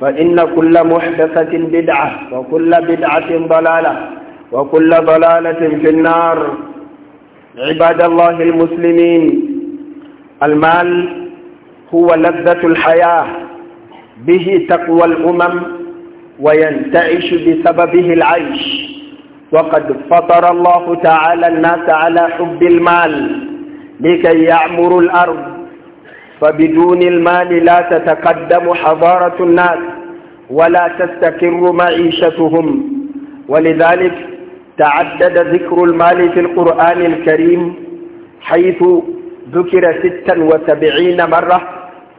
فإن كل محدثة بدعة وكل بدعة ضلالة وكل ضلالة في النار عباد الله المسلمين المال هو لذة الحياة به تقوى الأمم وينتعش بسببه العيش وقد فطر الله تعالى الناس على حب المال لكي يعمروا الأرض فبدون المال لا تتقدم حضارة الناس ولا تستقر معيشتهم ولذلك تعدد ذكر المال في القرآن الكريم حيث ذكر ستا وسبعين مرة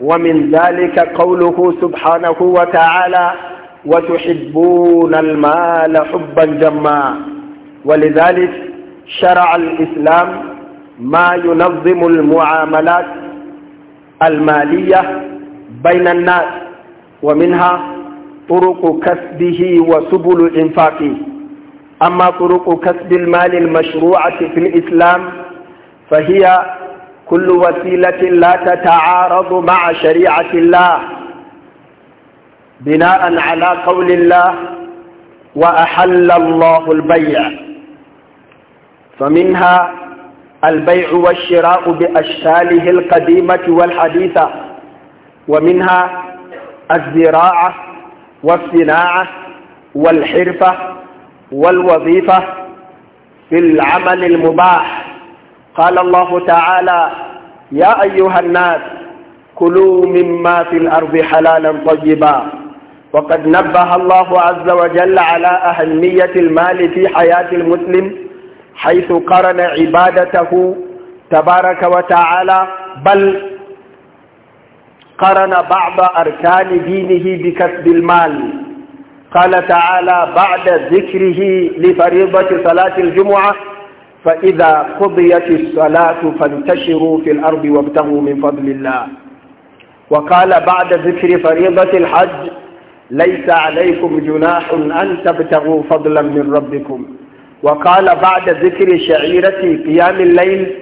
ومن ذلك قوله سبحانه وتعالى وتحبون المال حبا جما ولذلك شرع الإسلام ما ينظم المعاملات المالية بين الناس ومنها طرق كسبه وسبل إنفاقه أما طرق كسب المال المشروعة في الإسلام فهي كل وسيلة لا تتعارض مع شريعة الله بناء على قول الله وأحل الله البيع فمنها البيع والشراء بأشكاله القديمة والحديثة ومنها الزراعة والصناعة والحرفة والوظيفة في العمل المباح قال الله تعالى يا أيها الناس كلوا مما في الأرض حلالا طيبا وقد نبه الله عز وجل على أهمية المال في حياة المسلم حيث قرن عبادته تبارك وتعالى بل قرن بعض أركان دينه بكسب المال قال تعالى بعد ذكره لفريضة صلاة الجمعة فإذا قضيت الصلاة فانتشروا في الأرض وابتغوا من فضل الله وقال بعد ذكر فريضة الحج ليس عليكم جناح أن تبتغوا فضلا من ربكم وقال بعد ذكر شعيرة قيام الليل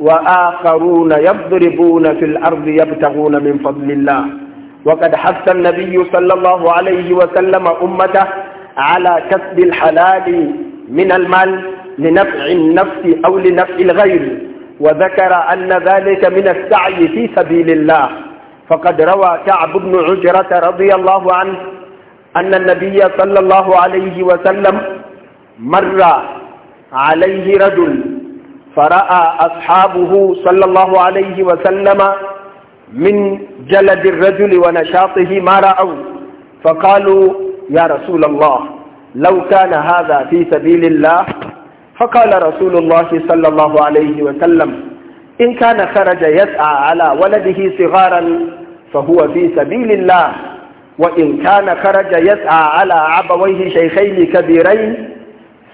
وآخرون يضربون في الأرض يبتغون من فضل الله وقد حث النبي صلى الله عليه وسلم أمته على كسب الحلال من المال لنفع النفس أو لنفع الغير وذكر أن ذلك من السعي في سبيل الله فقد روى كعب بن عجرة رضي الله عنه أن النبي صلى الله عليه وسلم مر عليه رجل فرأى أصحابه صلى الله عليه وسلم من جلد الرجل ونشاطه ما رأوا فقالوا يا رسول الله لو كان هذا في سبيل الله فقال رسول الله صلى الله عليه وسلم إن كان خرج يسعى على ولده صغارا فهو في سبيل الله وإن كان خرج يسعى على عبويه شيخين كبيرين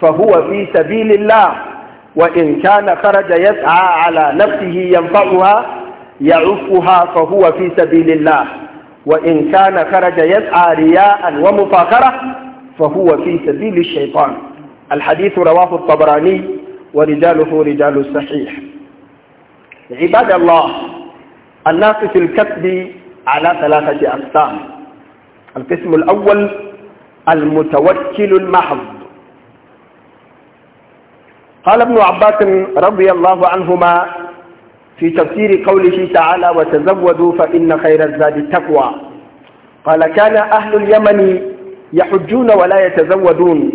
فهو في سبيل الله وإن كان خرج يسعى على نفسه ينفعها يعفها فهو في سبيل الله وإن كان خرج يسعى رياء ومفاخرة فهو في سبيل الشيطان الحديث رواه الطبراني ورجاله رجال الصحيح عباد الله الناس في الكسب على ثلاثة أقسام القسم الأول المتوكل المحض قال ابن عباس رضي الله عنهما في تفسير قوله تعالى وتزودوا فإن خير الزاد التقوى قال كان أهل اليمن يحجون ولا يتزودون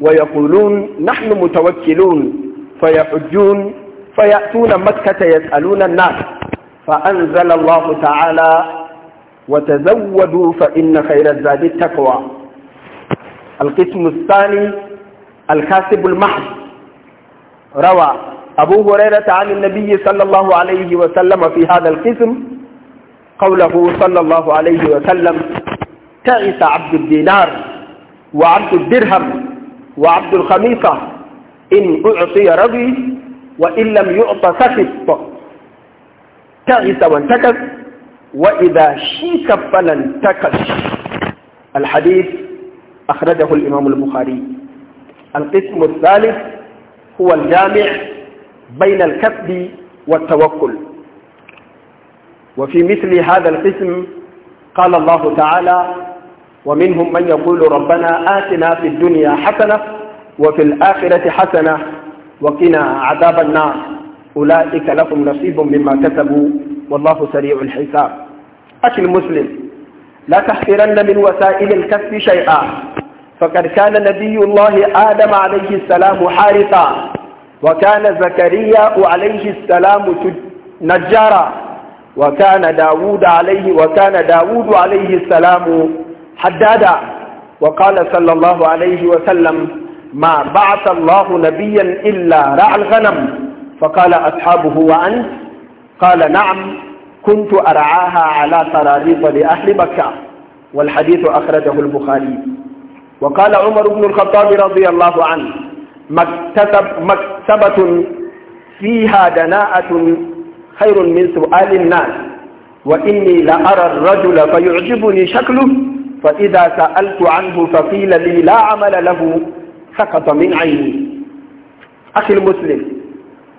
ويقولون نحن متوكلون فيحجون فيأتون مكة يسألون الناس فأنزل الله تعالى وتزودوا فإن خير الزاد التقوى القسم الثاني الكاسب المحض روى أبو هريرة عن النبي صلى الله عليه وسلم في هذا القسم قوله صلى الله عليه وسلم تعس عبد الدينار وعبد الدرهم وعبد الخميصة إن أعطي رضي وإن لم يعط سكت تعس وانتكس وإذا شيك فلا انتكس الحديث أخرجه الإمام البخاري القسم الثالث هو الجامع بين الكسب والتوكل وفي مثل هذا القسم قال الله تعالى ومنهم من يقول ربنا آتنا في الدنيا حسنة وفي الآخرة حسنة وقنا عذاب النار أولئك لهم نصيب مما كسبوا والله سريع الحساب أخي المسلم لا تحقرن من وسائل الكسب شيئا فقد كان نبي الله آدم عليه السلام حارثا وكان زكريا عليه السلام نجارا وكان داود عليه وكان داود عليه السلام حدادا وقال صلى الله عليه وسلم ما بعث الله نبيا إلا رعى الغنم فقال أصحابه وأنت قال نعم كنت أرعاها على طراريط لأهل مكة والحديث أخرجه البخاري وقال عمر بن الخطاب رضي الله عنه مكتب مكتبة فيها دناءة خير من سؤال الناس وإني لأرى الرجل فيعجبني شكله فإذا سألت عنه فقيل لي لا عمل له سقط من عيني أخي المسلم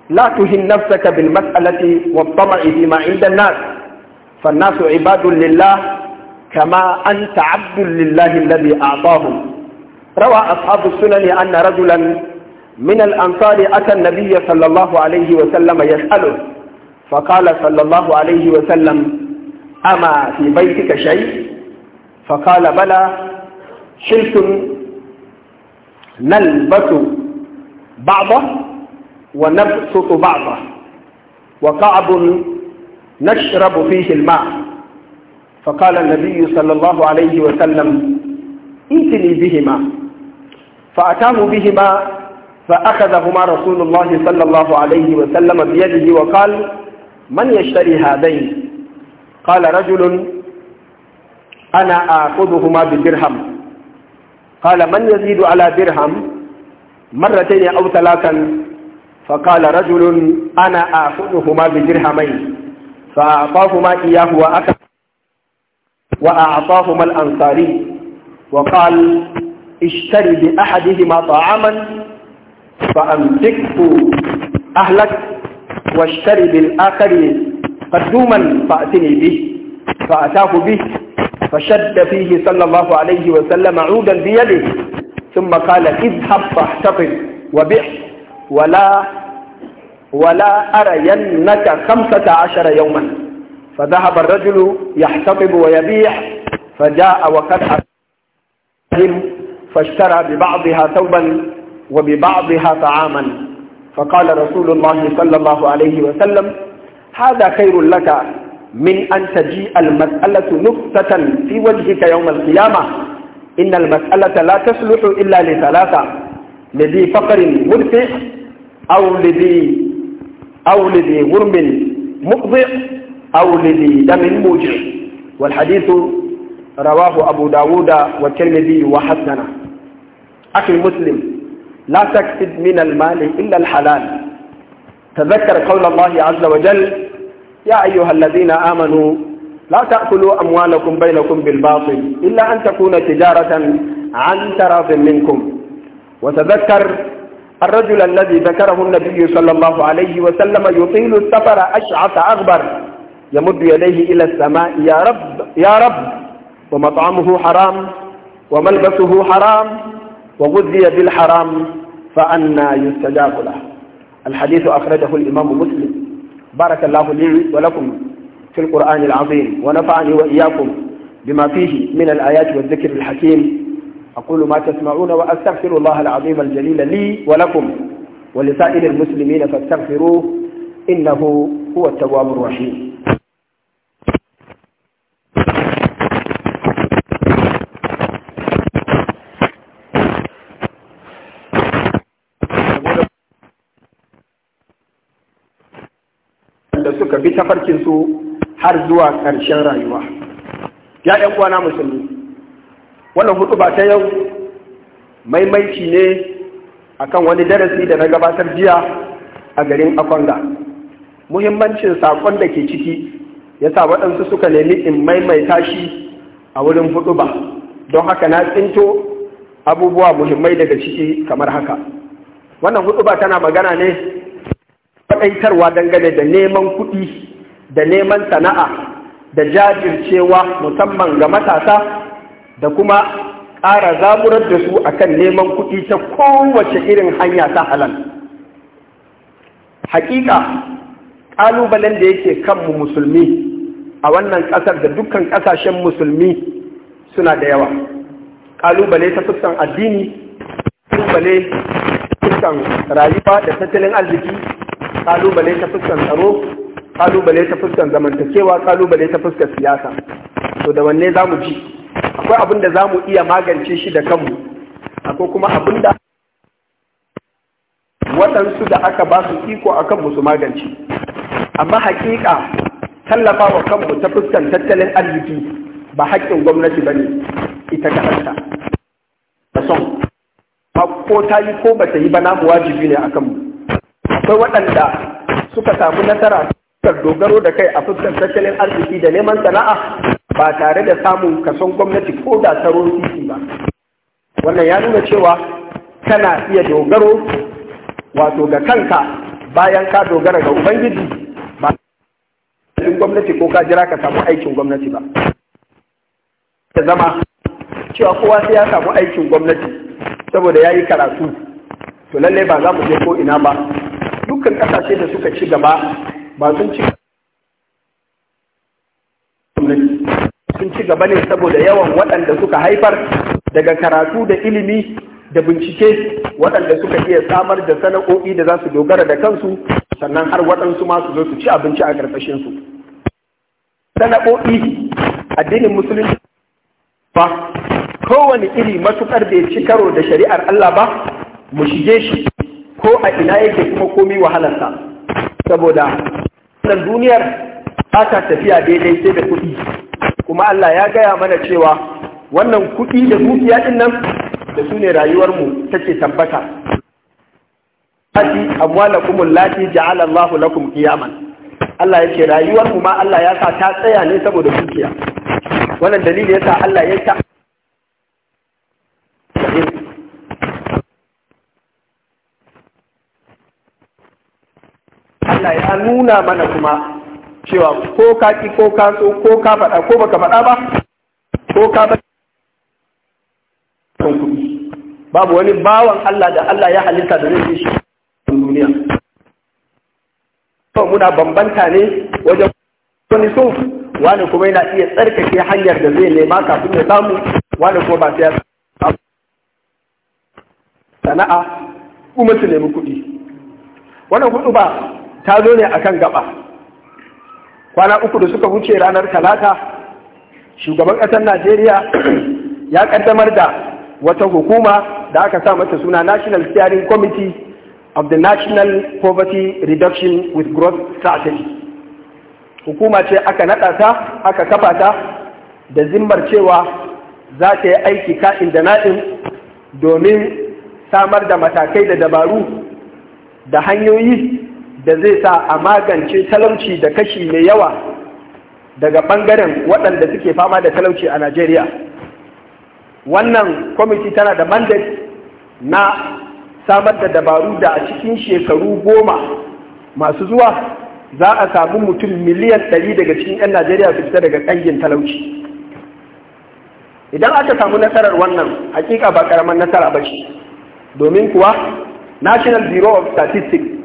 لا تهن نفسك بالمسألة والطمع فيما عند الناس فالناس عباد لله كما أنت عبد لله الذي أعطاه روى أصحاب السنن أن رجلا من الأنصار أتى النبي صلى الله عليه وسلم يسأله فقال صلى الله عليه وسلم أما في بيتك شيء فقال بلى شلت نلبس بعضه ونبسط بعضه وقعب نشرب فيه الماء فقال النبي صلى الله عليه وسلم ائتني بهما فأتاه بهما فأخذهما رسول الله صلى الله عليه وسلم بيده وقال من يشتري هذين قال رجل أنا آخذهما بدرهم قال من يزيد على درهم مرتين أو ثلاثا فقال رجل أنا آخذهما بدرهمين فأعطاهما إياه وأخذ وأعطاهما الأنصاري وقال اشتر بأحدهما طعاما فأمسكه أهلك واشتر بالآخر قدوما فأتني به فأتاه به فشد فيه صلى الله عليه وسلم عودا بيده ثم قال اذهب فاحتفظ وبع ولا ولا أرينك خمسة عشر يوما فذهب الرجل يحتطب ويبيع فجاء وقد فاشترى ببعضها ثوبا وببعضها طعاما فقال رسول الله صلى الله عليه وسلم هذا خير لك من أن تجيء المسألة نقطة في وجهك يوم القيامة إن المسألة لا تصلح إلا لثلاثة لذي فقر مرفع أو لذي أو لذي غرم مقضع أو لذي دم موجع والحديث رواه أبو داود والترمذي وحسنه أخي المسلم لا تكسب من المال إلا الحلال تذكر قول الله عز وجل يا أيها الذين آمنوا لا تأكلوا أموالكم بينكم بالباطل إلا أن تكون تجارة عن تراض منكم وتذكر الرجل الذي ذكره النبي صلى الله عليه وسلم يطيل السفر أشعث أغبر يمد يديه إلى السماء يا رب يا رب ومطعمه حرام وملبسه حرام وغذي بالحرام فأنى يستجاب له الحديث أخرجه الإمام مسلم بارك الله لي ولكم في القرآن العظيم ونفعني وإياكم بما فيه من الآيات والذكر الحكيم أقول ما تسمعون وأستغفر الله العظيم الجليل لي ولكم ولسائر المسلمين فاستغفروه إنه هو التواب الرحيم suka bi tafarkin su har zuwa ƙarshen rayuwa ya ɗan na musulmi wannan hudu ba ta yau maimaici ne akan wani darasi da na gabatar jiya a garin akwanga muhimmancin saƙon da ke ciki ya sa waɗansu suka nemi in maimaita shi a wurin hudu ba don haka na tsinto abubuwa muhimmai daga ciki kamar haka wannan hudu ba tana magana ne faɗaitarwa dangane da neman kuɗi da neman sana'a da jajircewa musamman ga matasa da kuma ƙara zaburar da su a kan neman kuɗi ta kowace irin hanya ta halal hakika ƙalubalen da yake kanmu musulmi a wannan ƙasar da dukkan ƙasashen musulmi suna da yawa ƙalubale ta fuskan addini ƙalubale fuskan rayuwa da tattalin arziki kalubale ta fuskan tsaro kalubale ta fuskan zamantakewa kalubale ta fuskan siyasa to da wanne za mu ji akwai abin da za mu iya magance shi da kanmu akwai kuma abin da waɗansu da aka ba su iko a kanmu su magance amma hakika tallafa wa kanmu ta fuskan tattalin arziki ba haƙƙin gwamnati ba ne ita ta hanta Ba ko ta yi ko ba ta yi ba namu wajibi ne a kanmu akwai waɗanda suka samu nasara suka dogaro da kai a fuskan tattalin arziki da neman sana'a ba tare da samun kason gwamnati ko da tsaron titi ba wannan ya nuna cewa kana iya dogaro wato ga kanka bayan ka dogara ga ubangiji ba cikin gwamnati ko ka jira ka samu aikin gwamnati ba ta zama cewa kowa sai ya samu aikin gwamnati saboda ya yi karatu to lallai ba za mu je ko ina ba dukkan kasashe da suka ci gaba ba sun ci sun ci gaba ne saboda yawan waɗanda suka haifar daga karatu da ilimi da bincike waɗanda suka iya samar da sana'o'i da za su dogara da kansu sannan har waɗansu ma su zo su ci abinci a ƙarƙashinsu sana'o'i addinin musulunci ba kowane iri matuƙar bai ci karo da shari'ar Allah ba mu shige shi ko a ina yake kuma komi wahalarsa saboda wannan duniyar ba ta tafiya daidai sai da kuɗi kuma Allah ya gaya mana cewa wannan kuɗi da dukiya ɗin nan da su ne rayuwarmu take tabbata Ati amwalakum allati ja'ala Allahu lakum qiyaman Allah yake rayuwarmu ma Allah ya sa ta tsaya ne saboda dukiya wannan dalili yasa Allah ya ta Allah ya nuna mana kuma cewa ko ka ki ko ka so ko ka faɗa ko baka faɗa ba ko ka ba babu wani bawan Allah da Allah ya halitta da zai shi duniya to muna bambanta ne wajen wani so wani kuma yana iya tsarkake hanyar da zai nema kafin ya samu wani kuma ba sai ya sana'a kuma su nemi kuɗi wannan hudu ba ta zo ne a kan gaba kwana uku da suka wuce ranar talata shugaban ƙasar najeriya ya ƙaddamar da wata hukuma da aka sa mata suna national steering committee of the national poverty reduction with growth strategy hukuma ce aka naɗa ta aka kafa ta da zimmar cewa za ta yi aiki ka'in da na'in domin samar da matakai da dabaru da hanyoyi da zai sa a magance talauci da kashi mai yawa daga ɓangaren waɗanda suke fama da talauci a Najeriya. Wannan kwamiti tana da mandat na samar da dabaru da a cikin shekaru goma masu zuwa za a samu mutum miliyan ɗari daga cikin 'yan Najeriya su fita daga ƙangin talauci. Idan aka samu nasarar wannan, hakika ba ƙaramin nasara ba shi. domin kuwa National Bureau of Statistics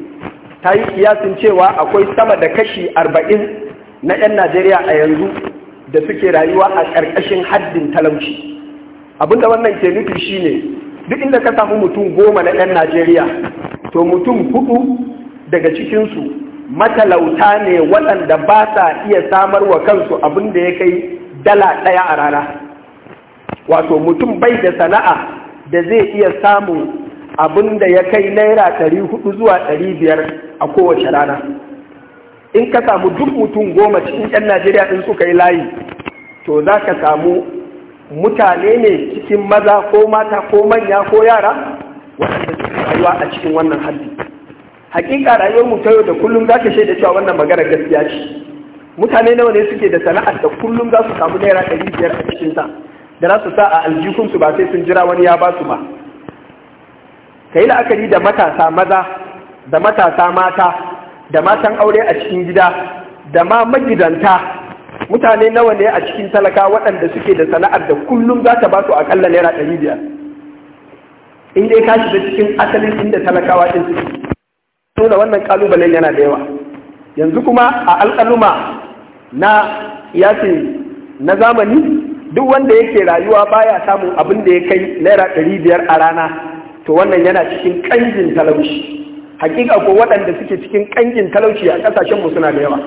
ta yi kiyasin cewa akwai sama da kashi arba'in na 'yan Najeriya a yanzu da suke rayuwa a ƙarƙashin haddin talauci. Abinda wannan ke nufi shine duk inda ka samu mutum goma na 'yan Najeriya, to mutum hudu daga cikinsu matalauta ne waɗanda ba sa iya samar wa kansu abin da ya kai dala ɗaya a rana. Wato mutum bai da sana'a da zai iya samun abin da ya kai naira ɗari hudu zuwa ɗari biyar a kowace rana in ka samu duk mutum goma cikin 'yan najeriya in suka yi layi to za ka samu mutane ne cikin maza ko mata ko manya ko yara waɗanda yi rayuwa a cikin wannan haddi hakika rayuwar mu ta yau da kullum za ka shaida cewa wannan magana gaskiya ce mutane nawa ne suke da sana'ar da kullum za su samu naira ɗari biyar a cikin cikinta da za su sa a aljihunsu ba sai sun jira wani ya ba su ba ka yi la'akari da matasa maza da matasa mata da matan aure a cikin gida da ma magidanta mutane nawa ne a cikin talaka waɗanda suke da sana'ar da kullum za ta ba su akalla naira ɗari biyar in dai ka shiga cikin asalin inda talakawa ɗin suke nuna wannan ƙalubalen yana da yawa yanzu kuma a alƙaluma na yasi na zamani duk wanda yake rayuwa baya samun abin da ya kai naira ɗari biyar a rana to wannan yana cikin ƙangin talauci hakika ko waɗanda suke cikin ƙangin talauci a ƙasashen mu suna da yawa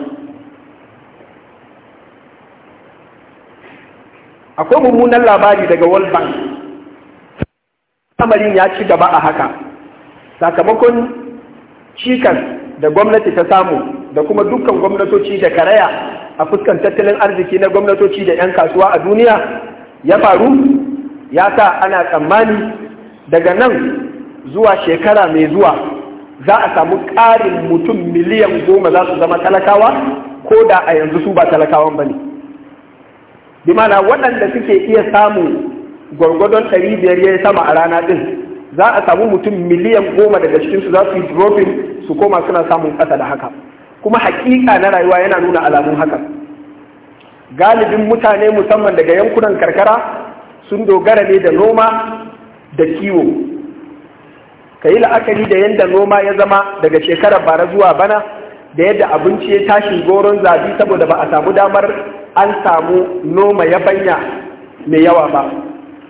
akwai mummunan labari daga world bank samarin ya ci gaba a haka sakamakon cikas da gwamnati ta samu da kuma dukkan gwamnatoci da karaya a fuskan tattalin arziki na gwamnatoci da 'yan kasuwa a duniya ya faru ya sa ana tsammani daga nan zuwa shekara mai zuwa za a samu ƙarin mutum miliyan goma za su zama talakawa ko da a yanzu su ba talakawan ba ne bi waɗanda suke iya samun gwargwadon ɗari biyar ya sama a rana ɗin za a samu mutum miliyan goma daga cikinsu za su yi dropping su koma suna samun ƙasa da haka kuma haƙiƙa na rayuwa yana nuna alamun haka galibin mutane musamman daga yankunan karkara sun dogara ne da noma da kiwo ka yi la'akari da yadda noma ya zama daga shekarar bara zuwa bana da yadda abinci ya tashi goron zabi saboda ba a samu damar an samu noma ya banya mai yawa ba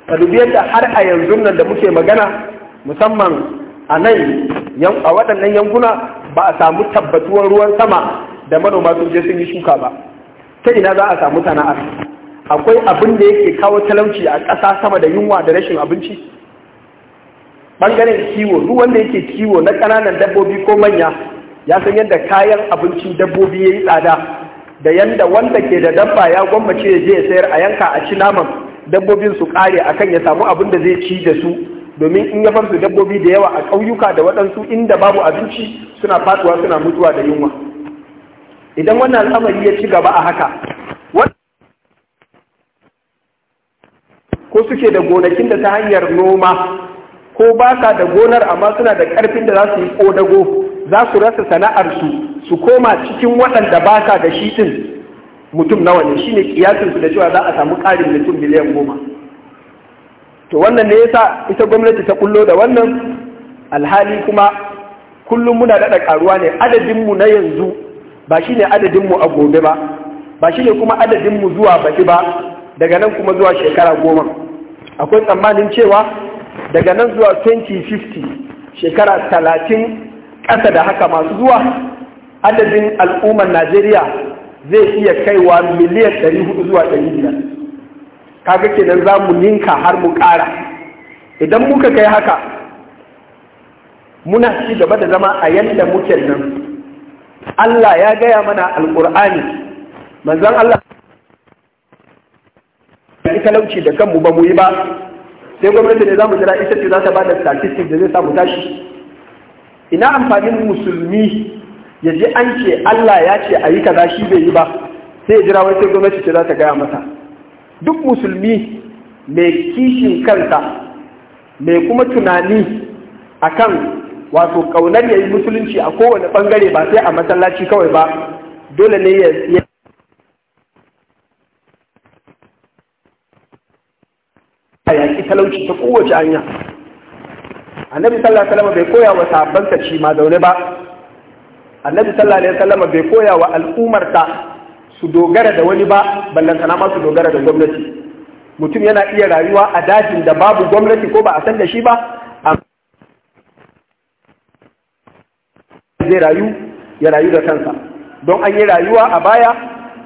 ka dubi yadda har a yanzu nan da muke magana musamman a nan a waɗannan yankuna ba a samu tabbatuwar ruwan sama da manoma sun je sun yi shuka ba ta ina za a samu sana'ar akwai abin da yake kawo talauci a ƙasa sama da yunwa da rashin abinci bangaren kiwo duk wanda yake kiwo na ƙananan dabbobi ko manya ya san yadda kayan abincin dabbobi ya yi tsada da yadda wanda ke da dabba ya gwammace ya je ya sayar a yanka a ci naman dabbobin su kare kan ya samu abin da zai ci da su domin in ya farsu dabbobi da yawa a ƙauyuka da waɗansu inda babu abinci suna faɗuwa suna mutuwa da yunwa idan wannan al'amari ya ci gaba a haka ko suke da gonakin da ta hanyar noma ko ba ka da gonar amma suna da ƙarfin da za su yi ƙodago za su rasa sana'arsu su koma cikin waɗanda ba ka da shi ɗin mutum nawa ne shine kiyasinsu da cewa za a samu ƙarin mutum miliyan goma to wannan ne yasa ita gwamnati ta kullo da wannan alhali kuma kullum muna daɗa ƙaruwa ne adadinmu na yanzu ba shine adadinmu a gobe ba ba shine kuma adadinmu zuwa baki ba daga nan kuma zuwa shekara goma akwai tsammanin cewa daga nan zuwa 2050 shekara talatin ƙasa da haka masu zuwa adadin al'ummar najeriya zai iya kaiwa miliyan 400 zuwa 500 kaga kenan za mu ninka har mu ƙara idan muka kai haka muna ci gaba da zama a yadda muke nan allah ya gaya mana alƙur'ani manzan allah talauci da kanmu ba mu yi ba sai gwamnati ne za mu jira ita ce za ta ba da da zai samu tashi ina amfanin musulmi ya ji an ce Allah ya ce a yi kaza shi bai yi ba sai ya jira wata sai gwamnati ce za ta gaya masa duk musulmi mai kishin kansa mai kuma tunani akan wato kaunar ya yi musulunci a kowane bangare ba sai a masallaci kawai ba dole ne ya a yaƙi talauci ta kowace hanya annabi sallallahu alaihi salama bai koya wa sahabbansa ci ma zaune ba annabi sallallahu alaihi salama bai koya wa al'ummarsa su dogara da wani ba ballantana ma su dogara da gwamnati mutum yana iya rayuwa a dajin da babu gwamnati ko ba a san da shi ba zai rayu ya rayu da kansa don an yi rayuwa a baya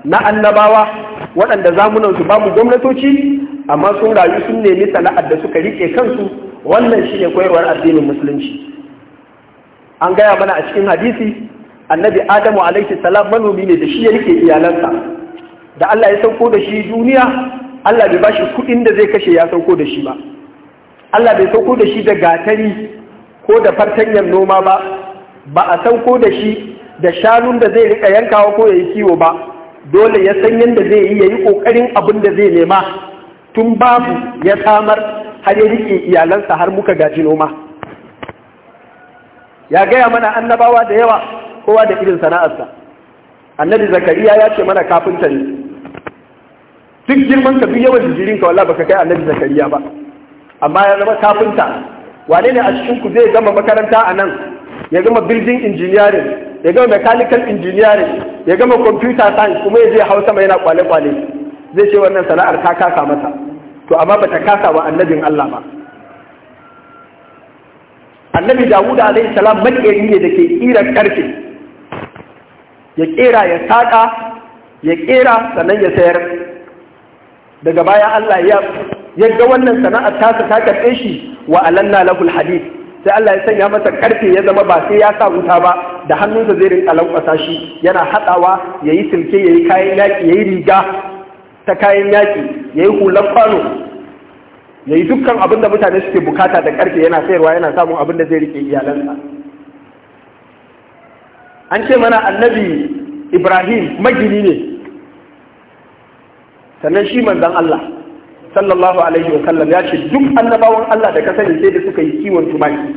na annabawa waɗanda su babu gwamnatoci amma sun rayu sun nemi sana'ar da suka rike kansu wannan shi ne koyarwar addinin musulunci an gaya mana a cikin hadisi annabi adamu alaihi salam manomi ne da shi ya rike iyalansa da Allah ya sauko da shi duniya Allah bai bashi kuɗin da zai kashe ya sauko da shi ba Allah bai sauko da shi da gatari ko da fartanyar noma ba ba a sauko da shi da shanun da zai rika yankawa ko ya yi kiwo ba dole ya san yadda zai yi ya yi ƙoƙarin abin da zai nema tun babu ya samar har ya rike iyalansa har muka gaji noma ya gaya mana annabawa da yawa kowa da irin sana'arsa annabi zakariya ya ce mana kafinta ne duk girman ka duk yawan jijirin ka wallahi baka kai annabi zakariya ba amma ya zama kafinta wane ne a cikin ku zai gama makaranta a nan ya gama building engineering ya gama mechanical engineering ya gama computer science kuma ya je hausa mai yana kwale-kwale zai ce wannan sana'ar ta kasa masa. to amma bata kasa wa annabin Allah ba annabi Dawud alaihi salam makeri ne da ke kira ƙarfe. ya ƙera ya saƙa ya ƙera sannan ya sayar daga baya Allah ya yadda wannan sana'ar tasa ta karɓe shi wa alanna lahul hadith sai Allah ya sanya masa karfe ya zama ba sai ya sa wuta ba da hannunsa zai rinka lankwasa shi yana haɗawa ya yi silke kayan yaki ya yi riga ta kayan yaƙi ya yi hular kwano ya yi dukkan abin da mutane suke bukata da ƙarfe yana sayarwa yana samun abin da zai rike iyalansa an ce mana annabi ibrahim magini ne sannan shi manzan Allah sallallahu alaihi wa sallam ya ce duk annabawan Allah da ka sani sai da suka yi kiwon tumaki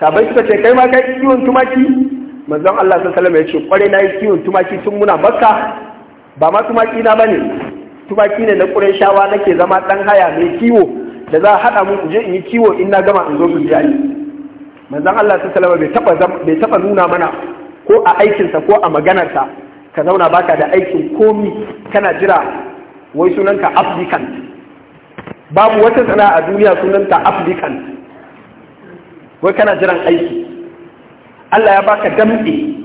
sabai suka ce kai ma kai kiwon tumaki manzan Allah sallallahu alaihi ya ce kwarai na yi kiwon tumaki tun muna bakka ba ma tumaki na bane tumaki ne na na nake zama ɗan haya mai kiwo da za a haɗa mun je in yi kiwo in na gama in zo su biya ni manzon Allah ta salama bai taɓa nuna mana ko a aikinsa ko a maganarsa ka zauna baka da aikin komi kana jira wai sunanka applicant babu wata sana'a a duniya sunanta applicant wai kana jiran aiki Allah ya baka damɗe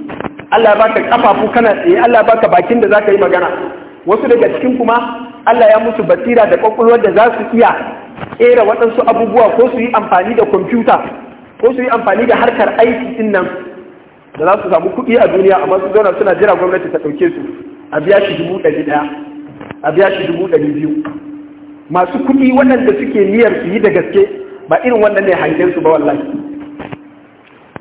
Allah ya baka kafafu kana tsaye Allah ya baka bakin da za ka yi magana wasu daga cikin kuma Allah ya musu basira da kwakwalwar da za su iya ƙera waɗansu abubuwa ko su yi amfani da kwamfuta ko su yi amfani da harkar aiki din nan da za su samu kuɗi a duniya amma su zauna suna jira gwamnati ta ɗauke su a biya shi dubu ɗari ɗaya a biya shi dubu ɗari biyu masu kuɗi waɗanda suke niyyar su yi da gaske ba irin wannan ne hangen su ba wallahi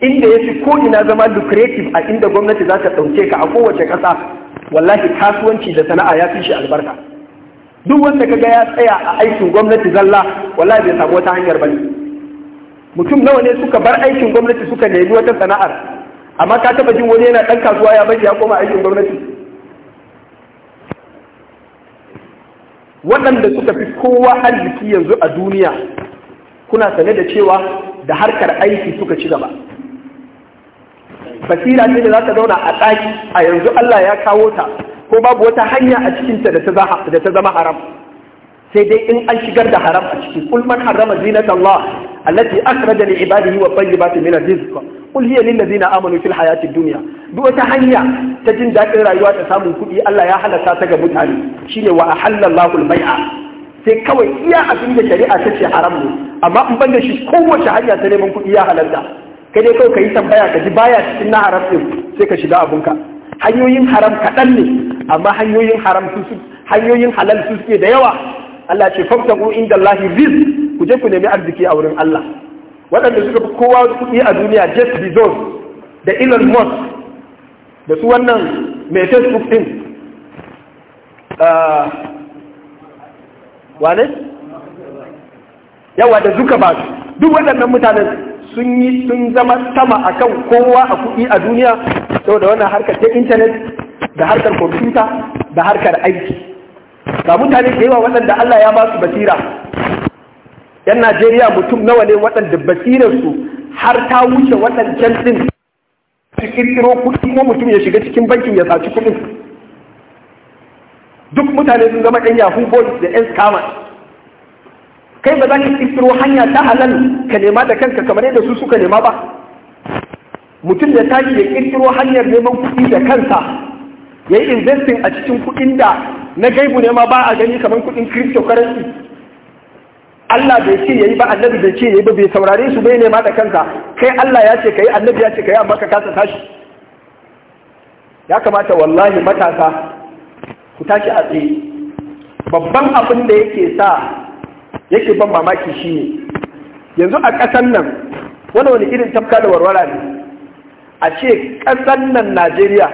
inda ya fi ko ina zama lucrative a inda gwamnati za ta ɗauke ka a kowace ƙasa wallahi kasuwanci da sana'a ya fi shi albarka duk wanda kaga ya tsaya a aikin gwamnati zalla wallahi bai samu wata hanyar bane mutum nawa ne suka bar aikin gwamnati suka nemi wata sana'ar amma ka taba jin wani yana ɗan kasuwa ya bari ya koma aikin gwamnati waɗanda suka fi kowa arziki yanzu a duniya kuna sane da cewa da harkar aiki suka ci gaba basira ce da za ta zauna a ɗaki a yanzu Allah ya kawo ta ko babu wata hanya a cikinta da ta zama haram sai dai in an shigar da haram a ciki kul man harrama zinata Allah allati akhraja li ibadihi wa tayyibati min rizq kul hiya lil ladina amanu fil hayati dunya duk wata hanya ta jin daɗin rayuwa ta samun kuɗi Allah ya halaka ta ga mutane shine wa ahalla Allahu al bai'a sai kawai iya abin da shari'a ta ce haram ne amma in banda shi kowace hanya ta neman kuɗi ya halarta. Ka dai kawai ka yi tambaya ka ji baya cikin na haram ɗin sai ka shiga abunka hanyoyin haram kaɗan ne amma hanyoyin haram su hanyoyin halal su suke da yawa Allah ce ku inda Allah riz ku je ku nemi arziki a wurin Allah waɗanda suka fi kowa kuɗi a duniya Jeff Bezos da Elon Musk da su wannan mai Facebook ɗin ah, wane? yawa da zuka su duk waɗannan mutanen sun yi sun zama sama a kan kowa a kuɗi a duniya saboda wannan harkar ta intanet da harkar kwamfuta da harkar aiki ga mutane da yawa waɗanda Allah ya ba su basira yan Najeriya mutum nawa ne waɗanda basirarsu har ta wuce waɗancan ɗin su kirkiro kuɗi ko mutum ya shiga cikin bankin ya saci kuɗin duk mutane sun zama ɗan yahoo boys da ɗan scammers kai ba za ka kirkiro hanya ta halal ka nema da kanka kamar yadda su suka nema ba mutum ta tashi ya kirkiro hanyar neman kuɗi da kansa ya yi investing a cikin kuɗin da na gaibu ne ma ba a gani kamar kuɗin cryptocurrency Allah bai ce yayi ba annabi bai ce yayi ba bai saurare su bai nema da kanka kai Allah ya ce kai annabi ya ce kai amma ka kasa tashi ya kamata wallahi matasa ku tashi a tsaye babban abin da yake sa yake ban mamaki shi ne yanzu a ƙasan nan wani wani irin tafka da warwara ne a ce ƙasan nan najeriya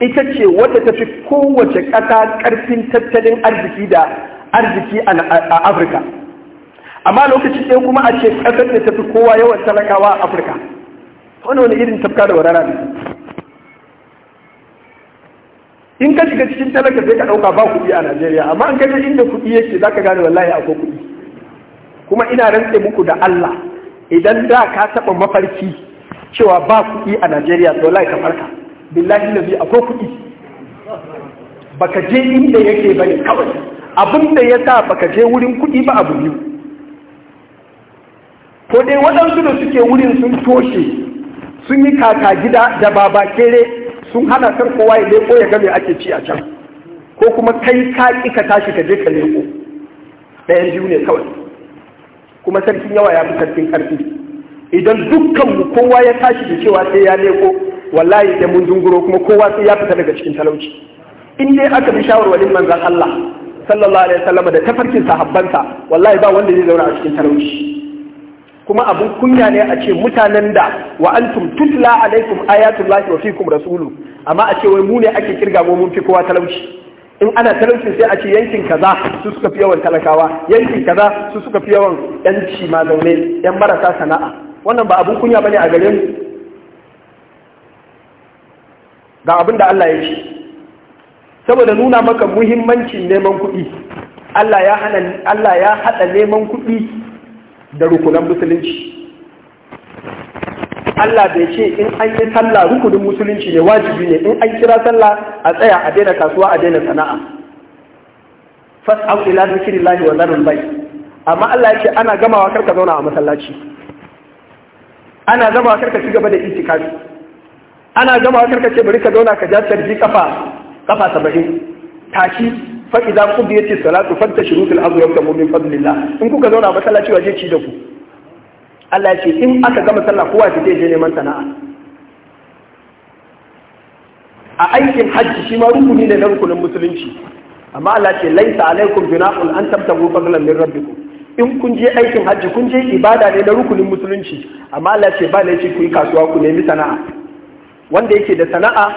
ita ce wadda tafi kowace ƙasa ƙarfin tattalin arziki da arziki a afirka amma lokacin ɗaya kuma a ce ƙasar da tafi kowa yawan talakawa a afirka wani wani irin tafka da warwara ne in ka shiga cikin talaka sai ka ɗauka ba kuɗi a Najeriya amma an kaje inda kuɗi yake za ka gane wallahi akwai kuɗi kuma ina rantse muku da Allah idan da ka taba mafarki cewa ba kuɗi a Najeriya to wallahi ka farka billahi nabi akwai kuɗi baka je inda yake bane kawai abin da ya sa baka je wurin kuɗi ba abu biyu ko dai waɗansu da suke wurin sun toshe sun yi kaka gida da babakere. sun hana kar kowa ya leko ya ga me ake ci a can ko kuma kai ka ki ka tashi ka je ka leko ɗayan biyu ne kawai kuma sarkin yawa ya fi sarkin ƙarfi. idan dukkanmu kowa ya tashi da cewa sai ya leko wallahi da mun dunguro kuma kowa sai ya fita daga cikin talauci in dai aka bi shawarwarin manzon Allah sallallahu alaihi wasallam da tafarkin sahabbansa wallahi ba wanda zai zauna a cikin talauci kuma abin kunya ne a ce mutanen da wa antum tutla alaikum ayatullahi wa fikum rasulu amma a ce wai mu ne ake kirga mu mun fi kowa talauci in ana talauci sai a ce yankin kaza su suka fi yawan talakawa yankin kaza su suka fi yawan yanci ma zaune yan marasa sana'a wannan ba abin kunya bane a gare mu ga abin da Allah ya ce saboda nuna maka muhimmancin neman kuɗi Allah ya haɗa neman kuɗi da rukunan musulunci Allah bai ce in an yi sallah rukunin musulunci ne wajibi ne in an kira sallah a tsaya a daina kasuwa a daina sana'a fas'au ila zikrillahi wa zarul bai amma Allah ya ce ana gamawa karka zauna a masallaci ana gamawa karka ci gaba da itikafi ana gamawa karka ce bari ka zauna ka ja ji kafa kafa 70 tashi fa idza ce salatu shi fil ardi wabtagu min fadlillah in kuka zauna masallaci waje ci da ku Allah ya ce in aka gama sallah kowa ya je neman sana'a a aikin hajji shi ma rukuni ne na rukunin musulunci amma Allah ce laisa alaikum junahun an tabtagu fadlan min rabbikum in kun je aikin hajji kun je ibada ne na rukunin musulunci amma Allah ce ba laifi ku yi kasuwa ku nemi sana'a wanda yake da sana'a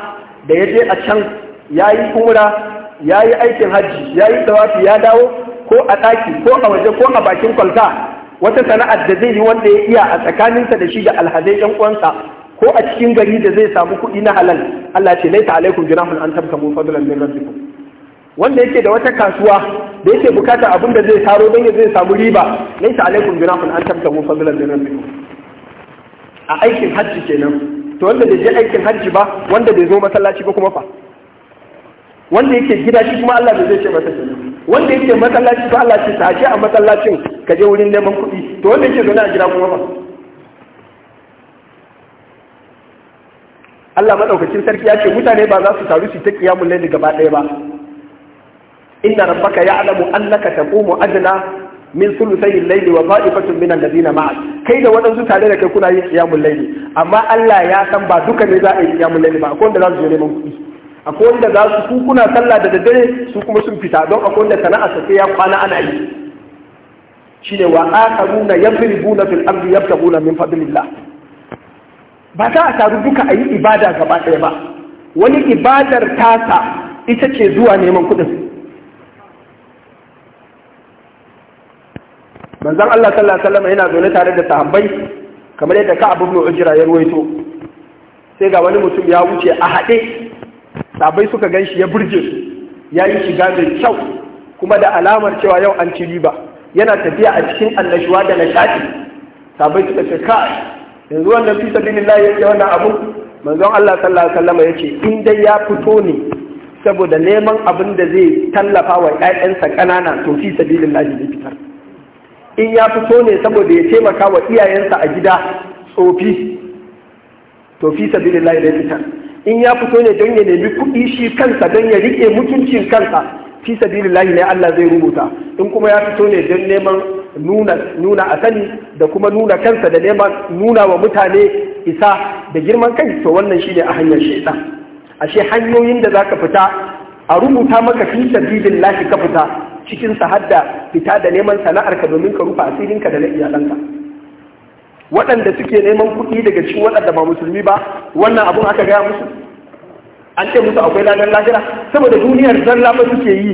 da ya je a can ya yi umra ya yi aikin hajji ya yi tsawafi ya dawo ko a ɗaki ko a waje ko a bakin kwalta wata sana'ar da zai yi wanda ya iya a tsakaninsa da shi da alhazai ɗan uwansa ko a cikin gari da zai samu kuɗi na halal Allah ce laita alaikum junahun an tabta mu fadlan min rabbikum wanda yake da wata kasuwa da yake bukata abin da zai taro don ya zai samu riba laita alaikum junahun an tabta mu fadlan min rabbikum a aikin hajji kenan to wanda bai je aikin hajji ba wanda bai zo masallaci ba kuma fa wanda yake gida shi kuma Allah bai zai ce masa kenan wanda yake masallaci ba Allah ce ta a masallacin ka je wurin neman kuɗi to wanda yake zaune a gida kuma ba Allah madaukakin sarki ya ce mutane ba za su taru su ta kiyamul laili gaba ɗaya ba inna rabbaka ya'lamu annaka taqumu adna min thuluthay al-layli wa ta'ifatun min alladhina ma'ak kai da waɗansu tare da kai kuna yin kiyamul laili amma Allah ya san ba duka ne za a yi kiyamul laili ba akwai wanda za su je neman kuɗi akwai wanda za su ku kuna sallah da daddare su kuma sun fita don akwai wanda sana'a sa sai ya kwana ana yi shine wa akaruna yadribuna fil ardi yabtaguna min fadlillah ba za a taru duka a yi ibada gaba ɗaya ba wani ibadar tasa ita ce zuwa neman kuɗin manzon Allah sallallahu alaihi wasallam yana zaune tare da sahabbai kamar yadda ka abu ujira ya ruwaito sai ga wani mutum ya wuce a haɗe sabai suka gan shi ya burge su ya yi shiga mai kyau kuma da alamar cewa yau an ci riba yana tafiya a cikin annashuwa da nishaɗi sabai suka ce ka yanzu wannan fi sabilillah ce wannan abu manzon Allah sallallahu alaihi wasallam yace in dai ya fito ne saboda neman abin da zai tallafa wa ƴaƴansa ƙanana to fi sabilillah ne fitar in ya fito ne saboda ya taimaka wa iyayensa a gida tsofi to fi sabilillah ne fitar in ya fito ne don ya nemi kuɗi shi kansa don ya riƙe mutuncin kansa fi sabilillahi ne Allah zai rubuta in kuma ya fito ne don neman nuna nuna asali da kuma nuna kansa da neman nuna wa mutane isa da girman kai to wannan shi ne a hanyar shaitan ashe hanyoyin da zaka fita a rubuta maka fi sabilillahi ka fita cikin sa hadda fita da neman sana'arka domin ka rufa asirinka da na iyalanka waɗanda suke neman kuɗi daga cikin waɗanda ba musulmi ba wannan abun aka gaya musu an ce musu akwai ladan lahira saboda duniyar zalla ba suke yi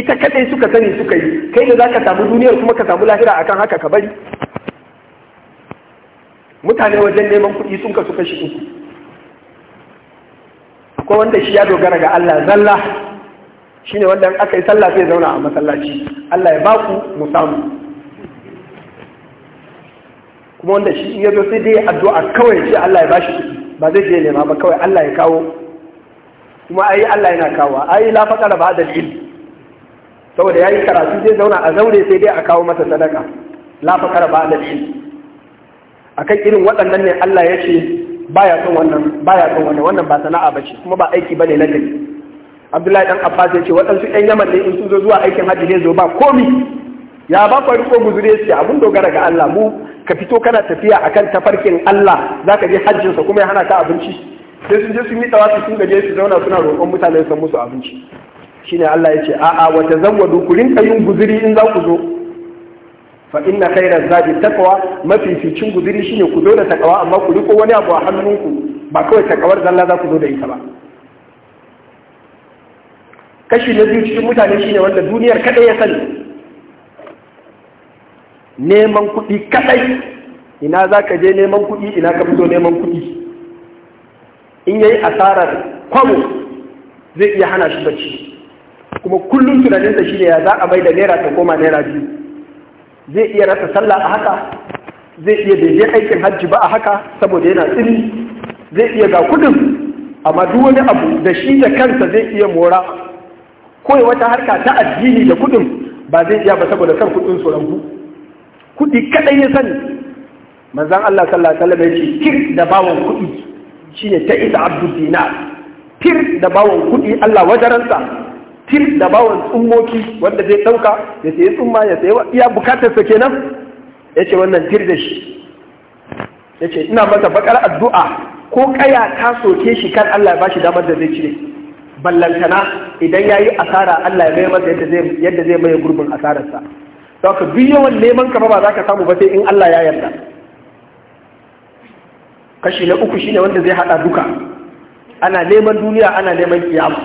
ita kadai suka sani suka yi kai da ka samu duniyar kuma ka samu lahira akan haka ka bari mutane wajen neman kuɗi sun kasu kashi uku akwai wanda shi ya dogara ga Allah zalla shine wanda aka yi sallah sai zauna a masallaci Allah ya baku mu samu kuma wanda shi ya zo sai dai addu'a kawai sai Allah ya bashi kuɗi ba zai je nema ba kawai Allah ya kawo kuma ai Allah yana kawo ai la faqara ba da ilm saboda yayi karatu zai zauna a zaure sai dai a kawo masa sadaka la faqara ba da ilm akan irin waɗannan ne Allah ya ce baya son wannan baya son wannan wannan ba sana'a bace kuma ba aiki bane na gari Abdullahi dan Abbas ya ce waɗansu ɗan Yaman ne in sun zo zuwa aikin hajji ne zo ba komi ya ba ku riko guzure su abun dogara ga Allah mu ka fito kana tafiya akan tafarkin Allah za ka je hajjinsa kuma ya hana ka abinci sai sun je sun yi tsawa sun gaje su zauna suna roƙon mutane san musu abinci shine Allah ya ce a wa tazawwadu ku rinka yin guziri in za ku zo fa inna khayra zadi taqwa mafificin guzuri shine ku zo da takawa amma ku riko wani abu a hannunku ba kawai takawar zalla za ku zo da ita ba kashi na biyu cikin mutane shine wanda duniyar kada ya sani neman kuɗi kaɗai ina za ka je neman kuɗi ina ka fito neman kuɗi in yayi asarar kwamo zai iya hana shi bacci kuma kullum tunaninsa ne ya za a mai da naira ta koma naira biyu zai iya rasa sallah a haka zai iya daidai aikin hajji ba a haka saboda yana tsiri zai iya ga kudin amma duk wani abu da shi da kansa zai iya mora kawai wata harka ta addini da kudin ba zai iya ba saboda kan kudin su ranku? kuɗi kaɗai ya sani manzan Allah sallallahu alaihi wasallam ya ce fir da bawon shi shine ta isa abdul dinar fir da bawon kuɗi Allah wajaransa fir da bawon tsummoki wanda zai ɗauka ya sayi tsumma ya sayi iya bukatarsa kenan ya ce wannan fir da shi ya ce ina masa bakar addu'a ko kaya ta soke shi kan Allah ya bashi damar da zai cire ballantana idan ya yi asara Allah ya mai masa yadda zai mai gurbin asararsa saka duk yawan neman ka ba za ka samu ba sai in Allah ya yarda kashi na uku shine wanda zai hada duka ana neman duniya ana neman kiyama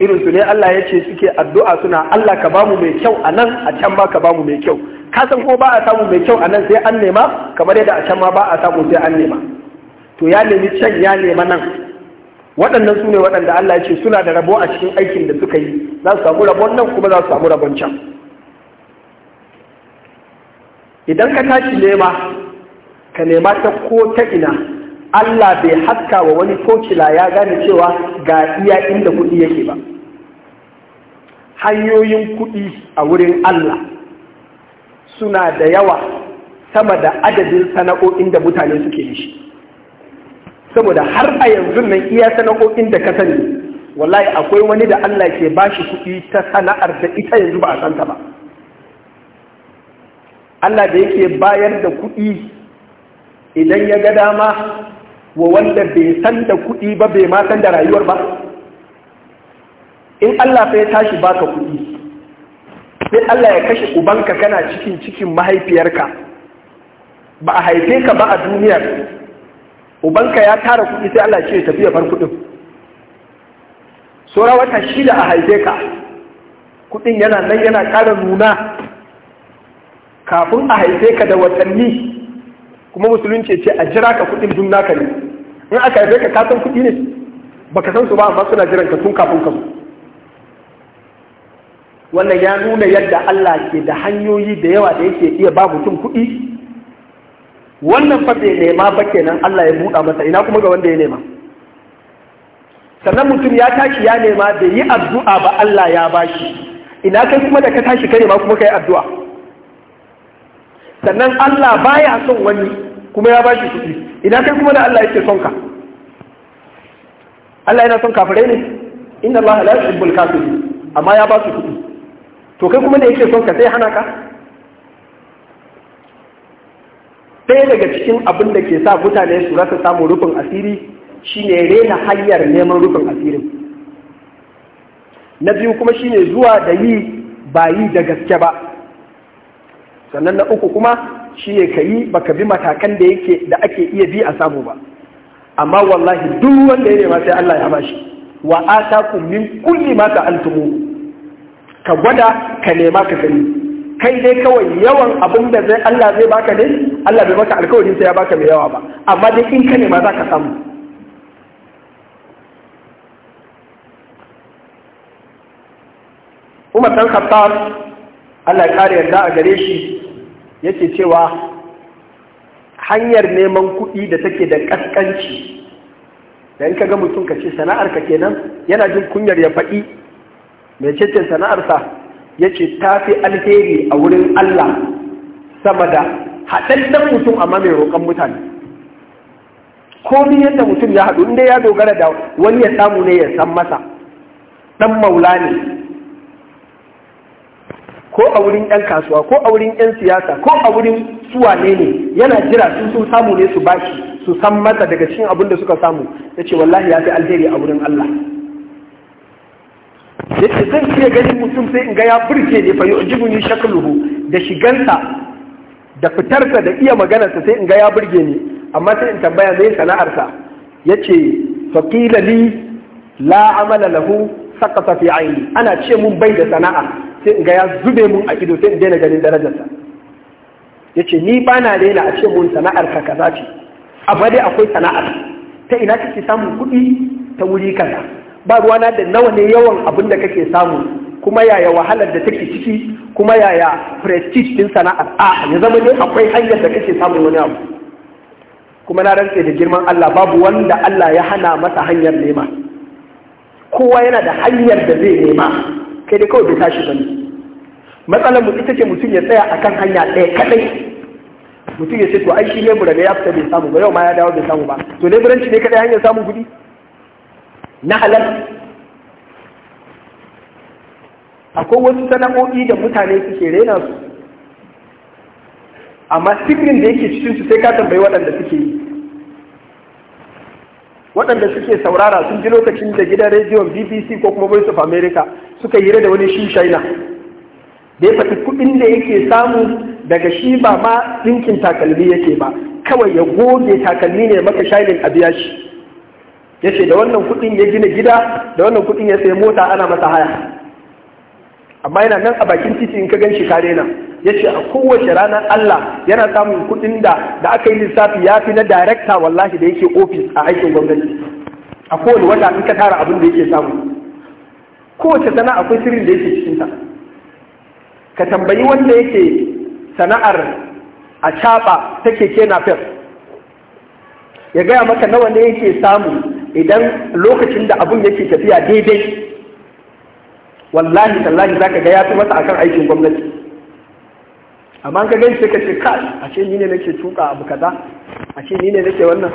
irin su ne Allah ya ce suke addu'a suna Allah ka bamu mai kyau a nan a can ma ka bamu mai kyau ka san ko ba a samu mai kyau a nan sai an nema kamar yadda a can ma ba a samu sai an nema to ya nemi can ya nema nan waɗannan su ne waɗanda Allah ya ce suna da rabo a cikin aikin da suka yi za su samu rabon nan kuma za su samu rabon can idan ka tashi nema ka nema ta ko ta ina Allah bai haska wa wani kokila ya gane cewa ga iya inda kuɗi yake ba hanyoyin kuɗi a wurin Allah suna da yawa sama da adadin sana'o'in da mutane suke yi shi saboda har a yanzu nan iya sana'o'in da ka sani wallahi akwai wani da Allah ke bashi kuɗi ta sana'ar da ita yanzu ba a santa ba Allah da yake bayar da kuɗi idan ya ga dama wa wanda bai san da kuɗi ba bai ma san da rayuwar ba in Allah fa ya tashi baka kuɗi sai Allah ya kashe ubanka kana cikin cikin mahaifiyarka ba a haife ka ba a duniyar ubanka ya tara kuɗi sai Allah ce tafiya bar kuɗin saura wata shida a haife ka kuɗin yana nan yana ƙara nuna kafin a haife ka da watanni kuma musulunci ce a jira ka kuɗin dun naka ne in aka haife ka kasan kuɗi ne baka san su ba amma suna jiran ka tun kafin ka zo wannan ya nuna yadda Allah ke da hanyoyi da yawa da yake iya ba mutum kuɗi wannan fa bai nema ba kenan Allah ya buɗa masa ina kuma ga wanda ya nema sannan mutum ya tashi ya nema bai yi addu'a ba Allah ya bashi ina kai kuma da ka tashi ka nema kuma kai addu'a sannan Allah baya son wani kuma ya bashi kuɗi idan kai kuma da Allah yake son ka Allah yana son kafare ne inna Allah la yuhibbul kafirin amma ya ba su kuɗi to kai kuma da yake son ka sai hana ka ɗaya daga cikin abin da ke sa mutane su rasa samun rufin asiri shine rena hanyar neman rufin asirin na biyu kuma shine zuwa da yi ba yi da gaske ba sannan na uku kuma shi ya kayi baka bi matakan da yake da ake iya bi a samu ba amma wallahi duk wanda ya nema sai Allah ya bashi wa ataku min kulli ma ta'altumu ka gwada ka nema ka gani kai dai kawai yawan abin da zai Allah zai baka ne Allah bai baka alkawarin sai ya baka mai yawa ba amma dai in ka nema zaka samu Umar dan Khattab Allah ya kare yadda a gare shi yake cewa hanyar neman kuɗi da take da ƙasƙanci da in ka ga mutum ka ce ka kenan yana jin kunyar ya faɗi mai cece sana'arsa ya ce ta fi alheri a wurin Allah sama da haɗaɗɗen mutum amma mai roƙon mutane Ko ni yadda mutum ya haɗu inda ya dogara da wani ya samu ne ya san masa ɗan maula ne ko a wurin 'yan kasuwa ko a wurin 'yan siyasa ko a wurin suwane ne yana jira sun sun samu ne su bashi su san mata daga cikin abin da suka samu ya ce wallahi ya fi alheri a wurin Allah ya ce zan iya ganin mutum sai in ga ya furke ne fa yi ni shakluhu da shigansa da fitarsa da iya maganarsa sai in ga ya burge ni amma sai in tambaya zai sana'arsa ya ce faqila li la lahu fi aini ana ce mun bai da sana'a sai ga ya zube mun a ido sai in daina ganin darajarsa yace ni ba na daina a ce mun sana'ar ka kaza ce a dai akwai sana'ar ta ina kake samun kuɗi ta wuri kaza ba ruwana da nawa ne yawan abin da kake samu kuma yaya wahalar da take ciki kuma yaya prestige din sana'ar a ya zama ne akwai hanyar da kake samun wani abu kuma na rantse da girman Allah babu wanda Allah ya hana masa hanyar nema kowa yana da hanyar da zai nema sai dai kawai bai tashi ba ne matsalar mu ita ce mutum ya tsaya a kan hanya ɗaya kaɗai mutum ya ce to ai shi lebura ne ya fita bai samu ba yau ma ya dawo bai samu ba to leburanci ne kaɗai hanyar samun kuɗi na halal akwai wasu sana'o'i da mutane suke rena su amma sifirin da yake cikin su sai ka tambayi waɗanda suke yi waɗanda suke saurara sun ji lokacin da gidan rediyon bbc ko kuma voice of america suka yi da wani shishaina da ya faɗi kuɗin da yake samu daga shi ba ma ɗinkin takalmi yake ba kawai ya goge takalmi ne maka shailin a biya shi ya ce da wannan kuɗin ya gina gida da wannan kuɗin ya sayi mota ana masa haya amma yana nan a bakin titi in ka gan shi kare na ya ce a kowace ranar Allah yana samun kuɗin da da aka yi lissafi ya fi na darekta wallahi da yake ofis a aikin gwamnati a kowane wata in ka tara abin da yake samu kowace sana'a akwai sirrin da yake cikinta ka tambayi wanda yake sana'ar a caɓa ta keke fes. ya gaya maka nawa ne yake samu idan lokacin da abun yake tafiya daidai wallahi tallahi zaka ga ya fi masa akan aikin gwamnati amma ka gani sai ka ce ka a ce ni ne nake tuka abu kaza a ce ni ne nake wannan